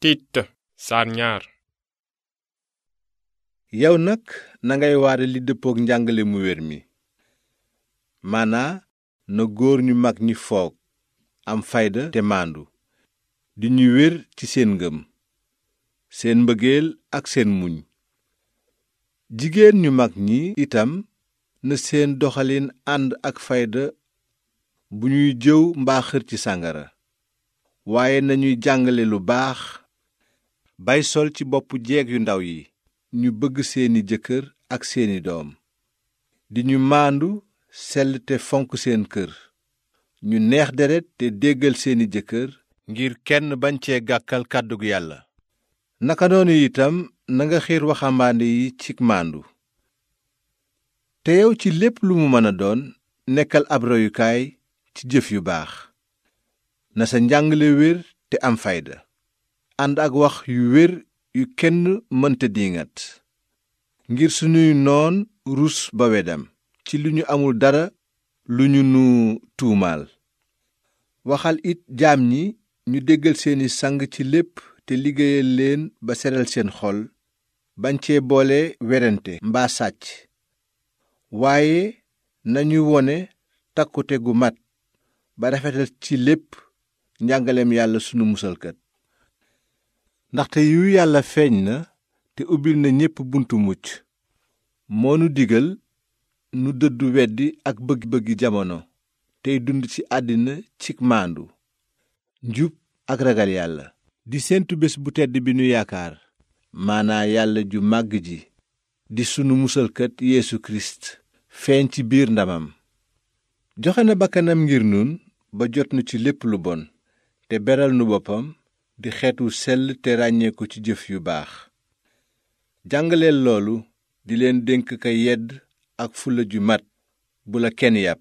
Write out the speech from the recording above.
tiit yow nag nangay waare li dëppook njàngale mu wér mi maanaa na góor ñu mag ñi foog am fayda te maandu di ñu wér ci seen ngëm seen mbëggeel ak seen muñ jigéen ñu mag ñi itam na seen doxalin ànd ak fayda bu ñuy jëw mbaa xër ci sàngara waaye nañuy jàngale lu baax bay sol ci boppu jeeg yu ndaw yi ñu bëgg seeni jëkkër ak seeni doom di ñu maandu sell te fonk seen kër ñu neex deret te déggal seeni jëkkër ngir kenn bañ cee gàkkal kàddu yàlla naka noonu itam nanga xiir waxambaande yi ci maandu te yow ci lépp lu mu mën a doon nekkal ab royukaay ci jëf yu baax na sa njàngale wér te am fayda ànd ak wax yu wér yu kenn mënta diingat ngir sunuy noon rus ba wedam ci li ñu amul dara lu ñu nu tuumaal waxal it jaam ñi ñu déggal seeni sang ci lépp te liggéeyal leen ba seral seen xol bañ cee boole werante mbaa sàcc waaye nañu wone takkute gu mat ba rafetal ci lépp njàngaleem yàlla sunu musalkat ndaxte yu yàlla feeñ na te ubbil na ñépp buntu mucc moo nu digal nu dëddu weddi ak bëgg-bëggi jamono tey dund ci àddina ci maandu njub ak ragal yàlla di séentu bés bu tedd bi nu yaakaar maanaa yàlla ju màgg ji di sunu musalkat yéesu kirist feeñ ci biir ndamam joxe na bakkanam ngir nun ba jot nu ci lépp lu bon te beral nu boppam di xeetu wu sell te ràññeeku ci jëf yu baax jàngaleel loolu di leen dénk ka yedd ak fula ju mat bu la kenn yàpp